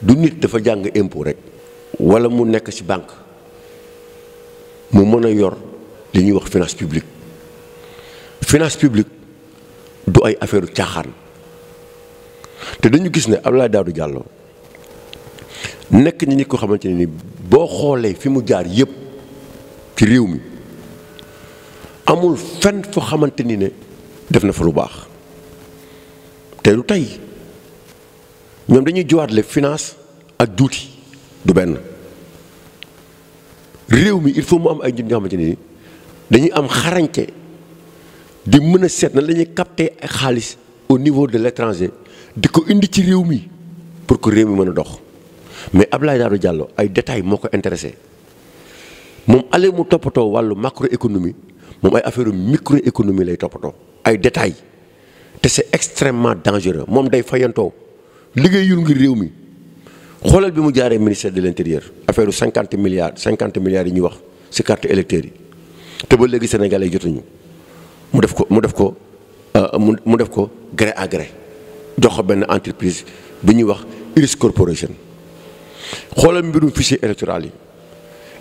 du nit dafa jàng impôt rek wala mu nekk ci banque mu mën a yor li ñuy wax finance publique finance publique du ay affaire caaxaan te dañu gis ne Abdoulaye Daouda Diallo nekk ñi ni ko xamante ne ni boo xoolee fi mu jaar yépp ci réew mi amul fenn foo xamante ni ne def na fa lu baax te du tey ñoom dañuy joxaatle finance ak juuti du benn réew mi il faut mu am ay nit ñoo xamante ni dañuy am xarañce di mën a seet na lañuy ñuy capter ay xaalis au niveau de l'étranger di ko indi ci réew mi pour que réew mi mën a dox mais ab laay Daouda Diallo ay détails moo ko intéressé moom ale mu toppatoo wàllu macro macroéconomie moom ay affaire économie lay toppatoo ay détails te c'est extrêmement dangereux moom day fayantoo. liggéey liggéeyul ngir réew mi xoolal bi mu jaaree ministère de l' intérieur affaire cinquante milliards cinquante milliards yi ñuy wax si carte électeurs yi te ba léegi sénégalais jotuñu mu def ko mu def ko euh, mu def ko gré à jox ko benn entreprise bi ñuy wax Iris Corporation xoolal mbirum fichier électoral yi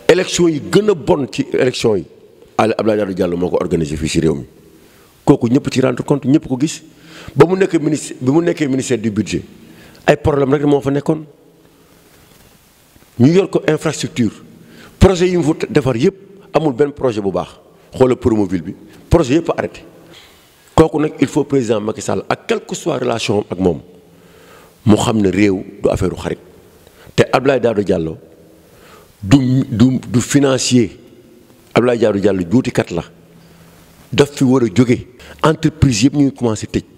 élection yi gën a bon ci élection yi Aliou Abdoulaye Daouda jàll moo ko organisé fii si réew mi kooku ñëpp ci rente compte ñëpp ko gis ba mu nekk ministre bi mu nekkee ministère du budget ay problème rek moo fa nekkoon ñu yor ko infrastructure projet yi mu fa defar yëpp amul benn projet bu baax xoola promoville bi projet yëpp arrêté kooku nag il faut président Macky Sall ak quelle que relation ak moom mu xam ne réew du affaire xarit te Abdoulaye Daouda Diallo du du du financier Abdoulaye Daouda Diallo juutikat la daf fi war a jóge entreprise yëpp ñu ngi commencé tëj.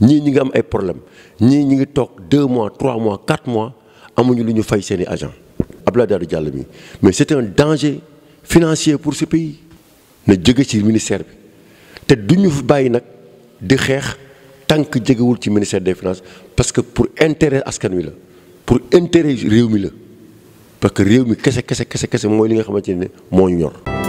ñii ñi ngi am ay problème ñii ñi ngi toog deux mois trois mois quatre mois amuñu lu ñu fay seeni agent Abdoulaye Daouda jàll mi mais c'est un danger financier pour ce pays na jóge ci ministère bi te du ñu bàyyi nag di xeex tànk jegewul ci ministère des finances parce que pour intérêt askan wi la pour intérêt réew mi la parce que réew mi kese kese kese kese mooy li nga xamante ne moo ñor